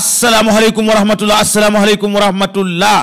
asalaamaaleykum wa rahmatullah asalaamaaleykum wa rahmatullah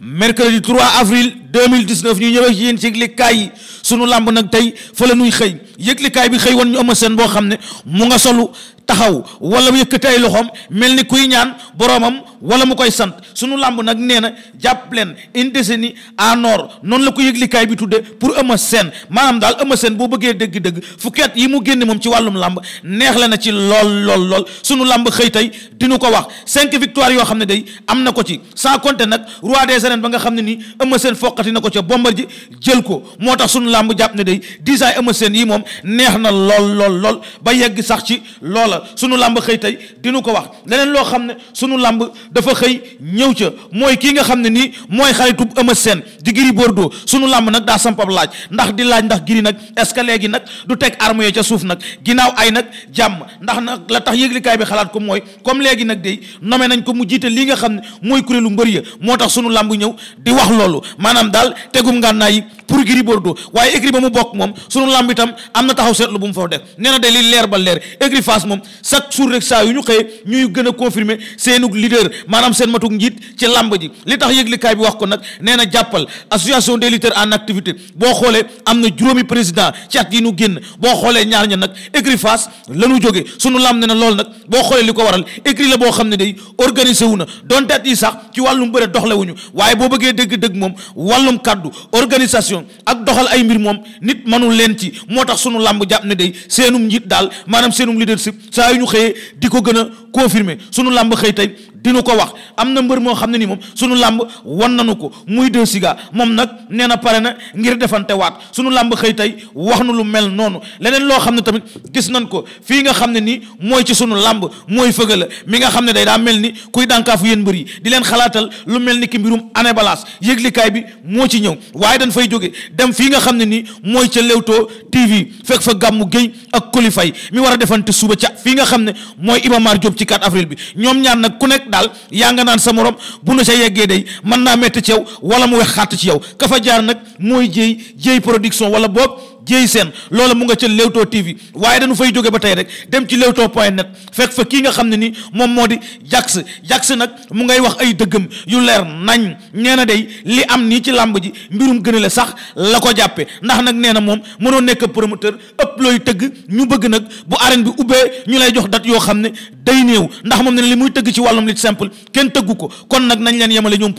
mercredi 3 avril mille ñu ñëw ak yéen ci yëglikaay yi sunu làmb nag tey fa la ñuy xëy yëglikaay bi xëy woon ñu Eumeu seen boo xam ne mu nga solu taxaw wala yëkkati ay loxoom mel ni kuy ñaan boroomam wala mu koy sant sunu làmb nag nee na jàpp leen une décennie à nord noonu la ko yëglikaay bi tudde pour Eumeu Sène maanaam daal Eumeu Sène boo bëggee dëgg-dëgg fukki yi mu génne moom ci wàllum làmb neex la na ci lool lool lool sunu làmb xëy tey dinu ko wax cinq victoires yoo xam ne day am na ko ci sans nag roi des arènes ba nga xam ne nii Eumeu Sène foqati na ko ca bombar ji jël ko moo tax sunu làmb jàpp ne day dix ans Eumeu Sène yi moom neex na lool lool lool ba yegg sax ci loola sunu làmb xëy tey dinu ko wax leneen loo xam ne sunu làmb dafa xëy ñëw ca mooy kii nga xam ne nii mooy xaritub Eumeu seen di Gris Bordeaux sunu làmb nag daa sampab laaj ndax di laaj ndax Gris nag est ce que léegi nag du teg arme ca suuf nag ginnaaw ay nag jàmm ndax nag la tax yëglikaay bi xalaat ko mooy comme léegi nag day nommé nañ ko mu jiite li nga xam ne mooy kuréelu mbër ya moo tax sunu làmb ñëw di wax loolu maanaam daal tegum ngànnaay yi pour Gris Bordeaux waaye écrit ba mu bokk moom sunu làmb itam am na taxaw seetlu bu mu fa def nee na de li leer ba leer écrit face moom chaque jour rek saa yu ñu xëyee ñuy gën a confirmer seenug leader maanaam seen matuk njiit ci làmb ji li tax yëglikaay bi wax ko nag nee na jàppal association des lutteurs en activité boo xoolee am na juróomi président ci at yi ñu génn boo xoolee ñaar ña nag égri face la ñu jóge sunu làmb ne na loolu nag boo xoolee li ko waral égri la boo xam ne day organisé wu na donte at sax ci wàllum bëre doxlewuñu waaye boo bëggee dëgg-dëgg moom wàllum kàddu organisation organisation ak doxal ay mbir moom nit mënul leen ci moo tax sunu làmb jàpp ne day seenum njiit daal maanaam seenum leadership saa yu ñu xëyee di ko gën a confirmer sunu làmb xëy tey dina ko wax am na mbër moo xam ne ni moom sunu làmb wan nanu ko muy deux siga moom nag nee na pare na ngir defante waat sunu làmb xëy tey wax nu lu mel noonu leneen loo xam ne tamit gis nañ ko fii nga xam ne nii mooy ci sunu làmb mooy la mi nga xam ne day daa mel ni kuy dànkaafu yéen mbër yi di leen xalaatal lu mel ni ki mbirum année balance yëglikaay bi moo ci ñëw waaye dañ fay jóge dem fii nga xam ne nii mooy ca Leewtoo TV fekk fa gàmmu géy ak kolifay mi war a defante suba ca fii nga xam ne mooy Iba Mar Diop ci 4 bi ñoom ñaar nag ku nekk daal yaa nga naan sa morom bu nu sa yeggee day mën naa métti ci yow wala mu wex xàtt ci yow kafa jaar nag mooy jéy jéy production wala boog jéy seen loola mu nga ca Leewtoo TV waaye dañu fay jóge ba tey rek dem ci Leewtoo point net fekk fa kii nga xam ne ni moom moo di Jax Jax nag mu ngay wax ay dëggam yu leer nañ nee na day li am nii ci làmb ji mbirum gënale sax la ko jàppe ndax nag nee na moom mënoo nekk promoteur ëpp looy tëgg ñu bëgg nag bu arène bi ubbee ñu lay jox dat yoo xam ne day néew ndax moom ne li muy tëgg ci wàllum lit simple kenn tëggu ko kon nag nañ leen yemale ñoom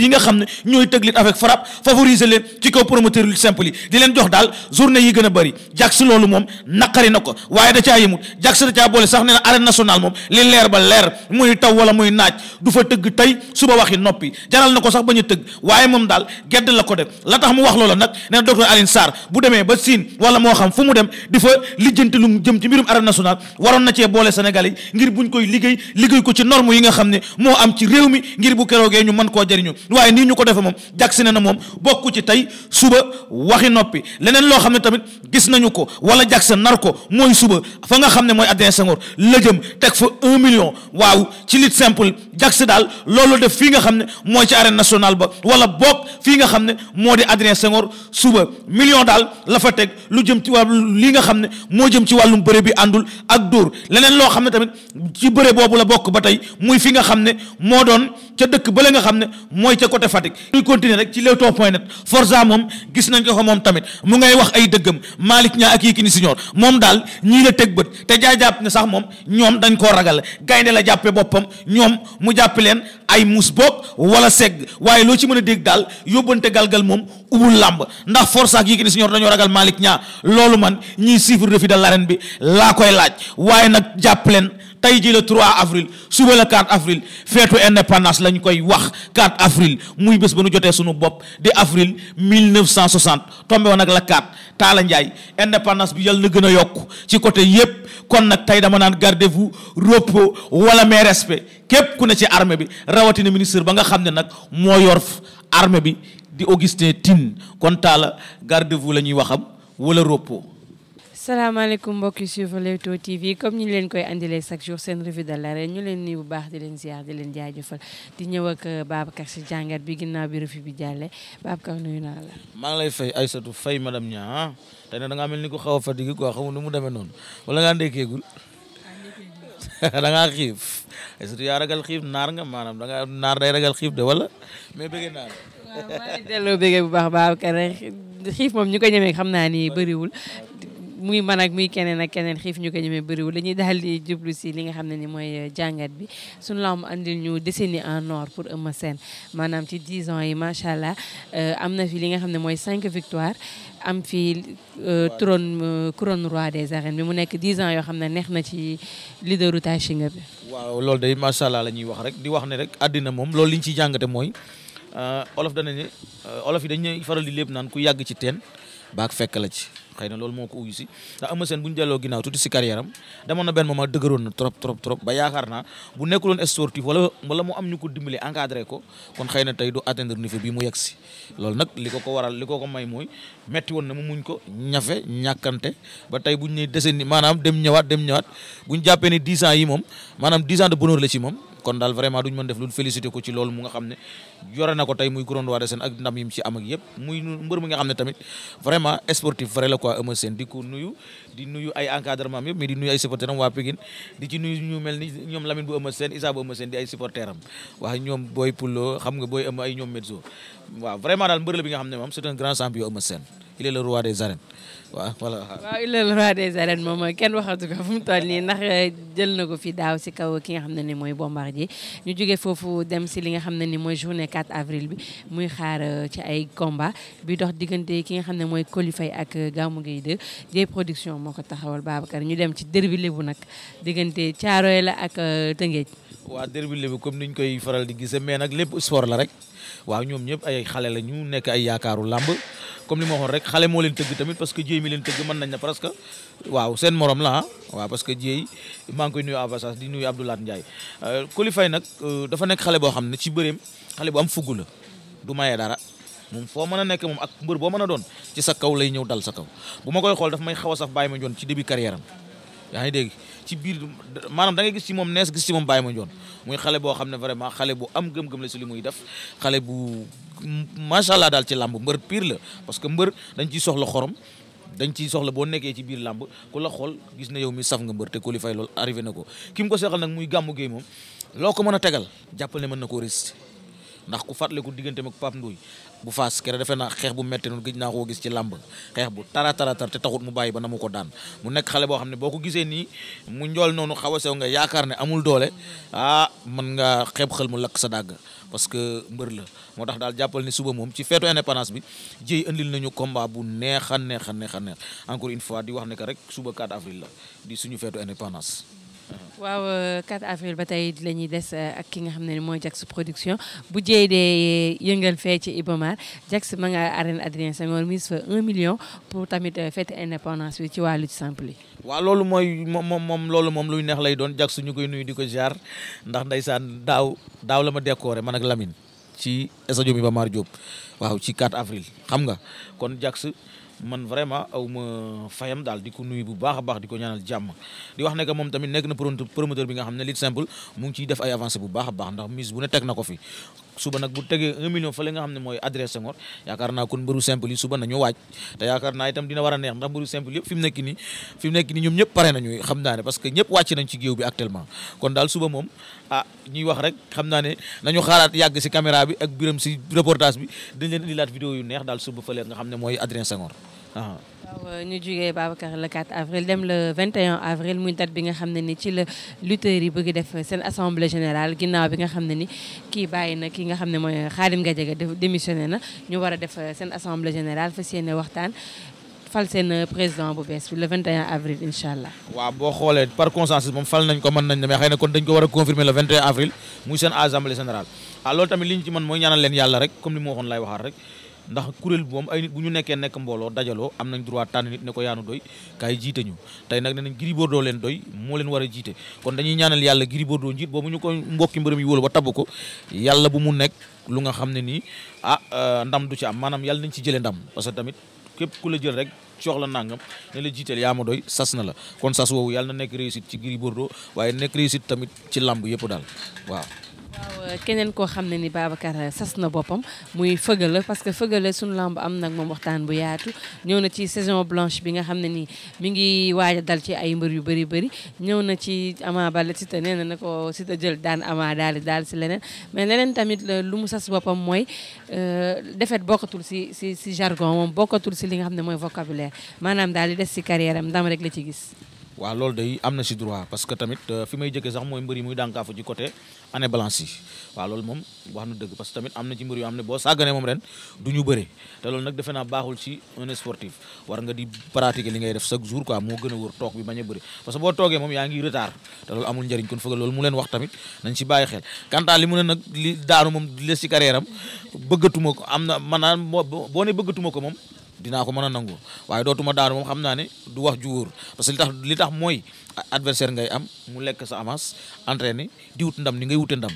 yi nga xam ne ñooy tëgg lit avec frappe bëri di leen jox daal journée yi gën a bëri Jax loolu moom naqari na ko waaye da caa yëmut Jax da caa boole sax nee na arène nationale moom li leer ba leer muy taw wala muy naaj du fa tëgg tey suba waxi noppi jaral na ko sax ba ñu tëgg waaye moom daal gedd la ko def la tax mu wax loola nag nee na docteur Alioune Sarr bu demee ba Siin wala moo xam fu mu dem di fa lijjanti lu mu jëm ci mbirum arène nationale waroon na cee boole Sénégal yi ngir buñ koy liggéey liggéey ko ci norme yi nga xam ne moo am ci réew mi ngir bu keroogee ñu mën koo jëriñu waaye nii ñu na moom bokku ci tey suba waxi noppi leneen loo xam ne tamit gis nañu ko wala Jackson nar ko mooy suba fa nga xam ne mooy Adrien Senghor la jëm teg fa un million waaw ci lutte simple Jackson daal loolu def fii nga xam ne mooy ci arène nationale ba wala boog fii nga xam ne moo di Adrien Senghor suba million daal la fa teg lu jëm ci wàllu li nga xam ne moo jëm ci wàllum bëre bi àndul ak dóor leneen loo xam ne tamit ci bëre boobu la bokk ba tey muy fi nga xam ne moo doon ca dëkk ba la nga xam ne mooy ca côté Fatick ñuy continuer rek ci Leewtoo point net moom gis nañ ko ko moom tamit mu ngay wax ay dëggam Malick ñaa ak Yékini Senior moom daal ñii la teg bët te jaay jàpp ne sax moom ñoom dañ koo ragal gaynde la jàppe boppam ñoom mu jàpp leen ay mus boog wala segg waaye loo ci mën a dégg daal yóbbante galgal moom ubul làmb ndax Forza ak Yékini Senior dañoo ragal Malick Niang loolu man ñiy suivre refi de l'arène bi laa koy laaj waaye nag jàpp leen tey ji le 3 avril suba le 4 avril feetu indépendance lañ koy wax 4 avril muy bés ba nu jotee suñu bopp di avril 1960 tombé woon ak la 4 Taala Njaay indépendance bi yal na gën a yokk ci côté yépp kon nag tey dama naan gardez-vous repos wala mais respect képp ku ne ci armée bi rawatina ministre ba nga xam ne nag moo yor armée bi di Augustin Tine kon Taala gardez-vous la ñuy waxam wala repos salaamaaleykum mbokk yi suivre Leewtoo TV comme ñu leen koy andilee chaque jour seen revue de l'arène ñu leen nii bu baax di leen ziar di leen jaajëfal di ñëw ak euh, Babacar si jàngat bi ginaa bi revue bi jàllee Babacar nuyu naa la. maa ngi lay fay Aïssatou Faye madame Niang ah. tey nag da mel ni ko xaw a fatigué quoi xamul nu mu deme noonu wala ngaa ndékkeegul da ngaa xiif Aïssatou yaa ragal xiif naar nga maanaam da naar day ragal xiif de wala mais bëgg naa la. waaw maa ngi delloo bëgg bu baax Babacar xiif moom ñu ko xam naa ni bariwul muy manaak muy keneen ak keneen xiif ñu ko ñemee bëriwul la ñuy daal li jublu si li nga xam ne ni mooy euh, jàngat bi suñu lamb andil ñu décennie en or pour Eumeu Sène maanaam ci 10 ans yi macha allah euh, am na fi li nga xam ne mooy 5 victoire am fi euh, trône couronne roi des arènes bi mu nekk 10 ans yoo xam ne neex na ci leaderu Taïsinga bi. waaw loolu de macha allah la ñuy wax rek di wax ne rek àddina moom loolu li ñu ciy jàngate mooy olof dana ne olof yi dañuy faral di lépp naan ku yàgg ci teen. baak fekk la ci xëy na loolu moo ko uyu si ndax Eumeu Sène bu ñu delloo ginnaaw tuuti si carrière am demoon na benn moment dëgëroon na trop trop trop ba yaakaar naa bu nekkuloon sportif wala wala mu am ñu ko dimbali encadré ko kon xëy na tey du atteindre niveau bi mu yegg si loolu nag li ko ko waral li ko ko may mooy metti woon na mu muñ ko ñafe ñàkkante ba tey bu ñu nee desee maanaam dem ñëwaat dem ñëwaat bu jàppee ni 10 ans yi moom maanaam 10 ans de la ci moom kon daal vraiment duñ mën def lu félicité ko ci loolu mu nga xam ne yore na ko tey muy couronne roi des ak ndam yim ci am ak yëpp muy mbër mi nga xam ne tamit vraiment sportif vrai la quoi Eumeu di ko nuyu di nuyu ay encadrement am yëpp mais di nuyu ay supporter am waa Pikine di ci nuyu ñu mel ni ñoom Lamine bu Eumeu Sène Issa bu Eumeu Sène di ay supporter am ñoom booy Pulo xam nga booy Eumeu ay ñoom Medzo waaw vraiment daal mbër la bi nga xam ne moom c'est waaw voilà waaw roi des arènes moom kenn waxatu ko fu mu toll nii ndax euh, jël na ko fi daaw si kaw ki nga xam ne ni mooy bombardier ñu jógee foofu dem si li nga xam ne ni mooy journée 4 avril bi muy xaar euh, ci ay combat bi dox diggante ki nga xam ne mooy Colifay ak euh, Gamou Gueye 2 Dieye production moo ko taxawal Babacar ñu dem ci derby lébu nag diggante Caaroy la ak Tëngéej. waa derby lébu comme niñ koy faral di gisee mais nag lépp sport la rek. waaw ñoom ñëpp ay xale la ñu nekk ay yaakaaru làmb comme li ma waxoon rek xale moo leen tëgg tamit parce que jéey mi leen tëgg mën nañ na presque waaw seen morom la ah waaw parce que jéey maa ngi koy nuyu abassage di nuyu Abdoulaat Ndiaye euh, Coly Faye nag euh, dafa nekk xale boo xam ne ci bëreem xale bu am fugg la du mayee dara moom foo mën a nekk moom ak mbër boo mën a doon ci sa kaw lay ñëw dal sa kaw bu ma koy xool daf may xaw a saf bàyyi ma joon ci début carrière am yaa ngi dégg ci biir maanaam da ngay gis ci moom nees gis ci moom bàyyi ma njoon muy xale boo xam ne vraiment xale bu am gëm-gëm la si li muy def xale bu macha allah daal ci làmb mbër piir la parce que mbër dañ ciy soxla xorom dañ ciy soxla boo nekkee ci biir làmb ku la xool gis na yow mi saf nga mbër te ko li fay loolu arrivé na ko ki mu ko seexal nag muy gàmmu géey moom loo ko mën a tegal jàppal ne mën na koo résister ndax ku fàttaliku diggante mag Pape Ndoye bu faas kere defe naa xeex bu metti noonu gëj naa koo gis ci làmb xeex bu tara tara tar te taxut mu bàyyi ba na mu ko daan mu nekk xale boo xam ne boo ko gisee nii mu njool noonu xaw a sew nga yaakaar ne amul doole ah man nga xeeb xel mu lakk sa dàgg parce que mbër la moo tax daal jàppal ni suba moom ci feetu indépendance bi jiy indil nañu combat bu neex a neex a neex a encore une fois di wax ne que rek suba 4 avril la di suñu feetu indépendance waaw 4 euh, avril ba tey la ñuy des euh, ak ki nga xam ne mooy Jax production bu jëy dee euh, yëngal fee ci Ibomar Jax ma nga arène Adrien Senghor mise fa 1 million pour tamit fête indépendance bi ci wàllu ci sample yi. waaw loolu mooy moom moom loolu moom luy neex lay doon Jax ñu koy nuyu di ko jaar ndax ndeysaan daaw daaw la ma décoré man ak Lamine ci stade Iba Mar Diop waaw ci 4 avril xam nga kon Jax. man vraiment aw ma fayam daal di ko nuyu bu baax a baax di ko ñaanal jàmm di wax ne moom tamit nekk na promoteur bi nga xam ne a ne teg na ko fi suba nga xam ne mooy adresse Senghor yaakaar naa kon mbëru simple yi suba nañu waaj a neex ndax mbëru simple yëpp fi mu nekk nii fi mu nekk nii ñoom ñëpp pare nañu xam naa ne ah, naa ne nañu xaaraat yàgg si caméra bi ak biram si reportage bi dañ leen indilaat yu neex daal suba nga xam ne mooy adresse Senghor Uh-huh. waaw euh, ñu jugee Babacar le 4 avril dem le 21 avril muy date bi nga xam ne ni ci la lutteurs yi bëgg def seen assemblée générale ginnaaw bi nga xam ne ni kii bàyyi na ki nga xam ne mooy Khadim Gadiaga démissionné na ñu war a def euh, seen assemblée générale fas yéene waxtaan fal seen euh, président bu bees le avril incha allah. waaw boo xoolee par consensus moom fal nañ ko mën nañ mais xëy na kon dañ ko war a confirmer le avril muy seen assemblée générale ah ndax kuréel moom ay nit bu ñu nekkee nekk mbooloo dajaloo am nañ droit tànn nit ne ko yaanu doy kaay jiite ñu tey nag ne nañ Gris leen doy moo leen war a jiite kon dañuy ñaanal yàlla Gris Bordeaux njiit boobu ñu ko mbokki mbërëm yi wóolu ba tabb ko yàlla bu mu nekk lu nga xam ne nii ah euh, ndam du ci am maanaam yàlla nañ ci jëlee ndam parce que tamit képp ku la jël rek coox la nangam ne la jiiteel yaa ma doy sas na la kon sas woowu yàlla na nekk réussite ci Gris Bordeaux waaye nekk réussite tamit ci làmb yëpp daal waaw waaw euh, keneen koo xam ne ni Babacar euh, sas na boppam muy fëgala parce que fëgala suñu lamb am nag moom waxtaan bu yaatu ñëw na ci saison blanche bi nga xam ne nii mi ngi waaj a dal ci ay mbër yu bëri bëri ñëw na ci Ama Baldé Siteu nee na na ko si Siteu jël daan Ama daal daal si leneen mais leneen tamit euh, lu mu sas boppam mooy defet bokkatul si si si jargon moom bokkatul si li nga xam ne mooy vocabulaire maanaam daal di des si carrière am ndam rek la ci gis waaw loolu day am na si droit parce que tamit euh, fi may jëkkee sax mooy mbër yi muy dànkaafu ci côté am na ci mbër yu am ne boo sàgganee moom ren du ñu bëre te loolu nag defe naa baaxul ci un sportif war nga di pratiquer li ngay def chaque jour quoi moo gën a wër toog bi bañ a bëri parce que boo toogee moom yaa ngi retard te loolu amul njëriñ kon fëgal loolu mu leen wax tamit nañ si bàyyi xel kantaa li mu ne nag li daanu moom di les si bëggatuma ko dinaa ko mën a nangu waaye dootuma daanu moom xam naa ne du wax ju wóor parce que li tax li tax mooy adversaire ngay am mu lekk sa avance entraîné di wut ndam ni ngay wute ndam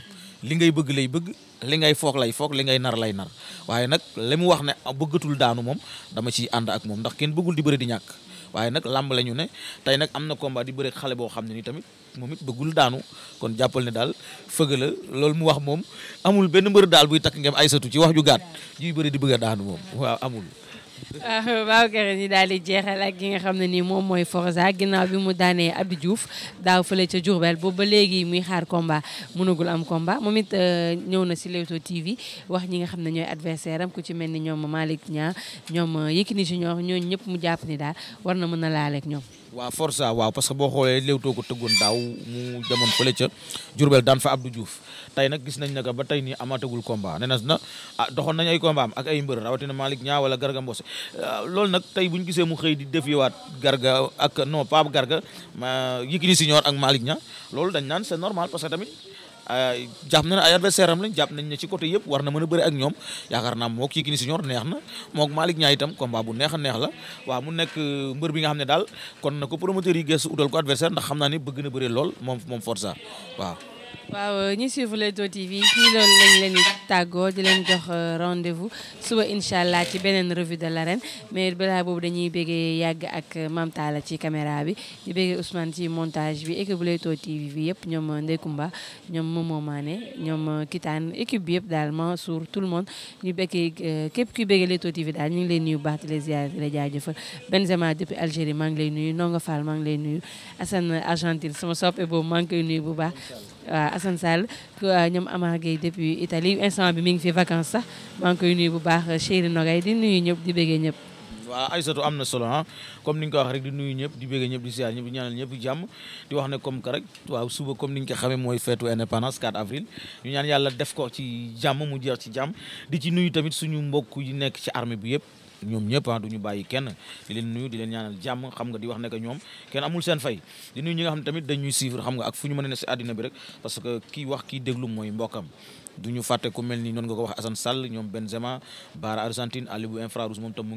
li ngay bëgg lay bëgg li ngay foog lay foog li ngay nar lay nar waaye nag li mu wax ne bëggatul daanu moom dama ciy ànd ak moom ndax kenn bëggul di bëri di ñàkk waaye nag làmb la ñu ne tey nag am na combat di bëri xale boo xam ne nii tamit moom it bëggul daanu kon jàppal ne daal fëgg la loolu mu wax moom amul benn mbër daal buy takk ngem ay satu ci wax ju gaat juy bëri di bëgg a daanu moom waaw amul Ah, waaw kër ñi daal di jeexal ak ki nga xam ne nii moom mooy Forza ginnaaw bi mu daanee Abi Diouf daaw fële ca Diourbel boobu ba léegi muy xaar combat mënagul am komba moom it euh, ñëw na si Leewtoo TV wax ñi nga xam ne ñooy adversaire am ku ci mel ni ñoom Malick Niang ñoom si euh, Junior ñooñ ñëpp mu jàpp ni daal war na mën a laaleeg ñoom. waaw Forza waaw parce que boo xoolee Leewtoo ko tëggoon daaw mu demoon fële ca Diourbel daan fa Abdou Diouf tey nag gis nañ naka ba tey nii amatagul combat nee na ah doxoon nañ ay combat ak ay mbër rawatina Malick Niang wala Garga Mbossé ah, loolu nag tey bu ñu gisee mu xëy di defiwaat Garga ak non Pape Garga ma Yékini Senior ak Malick Niang loolu dañ naan c'est normal parce que tamit. Euh, jàpp na ne ay adversaire am lañ jàpp nañ ne ci côté yëpp war na mën a bëri ak ñoom yaakaar naa moo kii ki ni si ñor neex na mook Malick Niang itam combat bu neex a neex la waaw mu nekk euh, mbër bi nga xam ne daal kon na ko promoteur yi gees utal ko adversaire ndax xam naa ni bëgg na bëri lool moom moom Forza waaw waaw ñi suivre Leewtoo TV ñi loolu lañ leen tàggoo di leen jox euh, rendez-vous suba incha allah ci beneen revue de l'arène mais balaa boobu dañuy bëggee yàgg ak Mame Talla ci caméra bi di bëggee Ousmane ci montage bi équipe bu Leewtoo TV bi yëpp ñoom euh, Ndeye Kumba ñoom Momo Mané ñoom euh, Kitaan équipe bi yëpp daal Mansour tout le monde ñu bëggee képp kuy bëggee Leewtoo TV daal ñu ngi leen nuyu baax di la ziar di la jaajëfal depuis Algérie maa ngi lay nuyu nongo Fall maa ngi lay nuyu Assane Argentine sama sop boobu maa ngi koy nuyu bu baax waaw Assane Sall euh, ñoom Amar Gueye depuis Italie instant bi mi ngi fi vacances sax maa ngi koy nuyu bu baax euh, Chéri Nogay di nuyu ñëpp di bëggee ñëpp. am na solo ah. comme ni ñu ko wax di nuyu ñëpp di bëggee ñëpp di siyaar ñëpp di jàmm di wax ne comme que rek waaw suba comme ni ñu ko xamee mooy feetu indépendance 4 avril ñu ñaan yàlla def ko ci jàmm mu jeex ci jàmm di ci nuyu tamit suñu mbokk yi nekk ci armée bi yëpp. ñoom ñëpp ah du ñu bàyyi kenn di leen nuyu di leen ñaanal jàmm xam nga di wax ne ñoom kenn amul seen fay di nuyu ñi xam ne tamit dañuy suivre xam a ne si àddina bi rek parce xam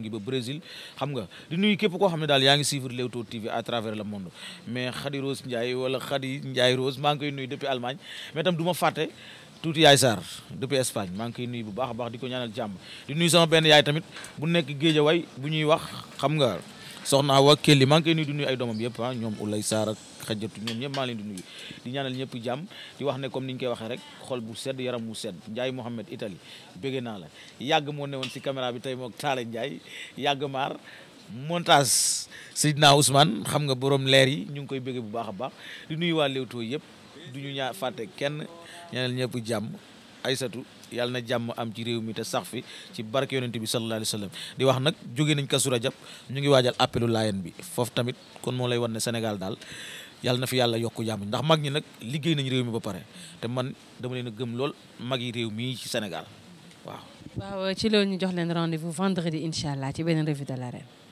nga di nuyu képp koo xam ne daal yaa ngi suivre Leewtoo TV à travers le monde mais Khady Rose Ndiaye wala Khady Ndiaye Rose maa ngi koy nuyu depuis Allemagne mais tam du ma tuuti yaay Sarr depuis Espagne maa ngi koy nuyu bu baax a baax di ko ñaanal jàmm di nuyu sama benn yaay tamit bu nekk Géejawaay bu ñuy wax xam nga soxna wa Kelly maa ngi koy nuyu ay doomam yëpp ah ñoom Ulay Sarr ak xajatu ñoom ñëpp maa leen di nuyu di ñaanal ñëpp jàmm di wax ne ni ñu koy waxee rek xol bu sedd yaram bu sedd Ndiaye Mohamed Italie bëgg naa la yàgg moo newoon si caméra bi tey moog Talla Ndiaye yàgg maar montage Seydina Ousmane xam nga borom leer yi ñu ngi koy bëgg bu baax a baax di nuyu waa Leewtoo yëpp du ñu fàtte kenn ñaanal ñëpp jàmm Aysatu yàlla na jàmm am ci réew mi te sax fi ci barke yonent bi sallallahu alayhi wa sallam di wax nag jóge nañ Kazu Rajab ñu ngi waajal appelu laayan bi foofu tamit kon moo lay wan ne Sénégal daal yal na fi yàlla yokk jàmm ndax mag ñi nag liggéey nañ réew mi ba pare te man dama leen a gëm lool mag yi réew mii ci Sénégal waaw. waaw ci loolu ñu jox leen rendez-vous vendredi incha allah ci benn revue de l'arène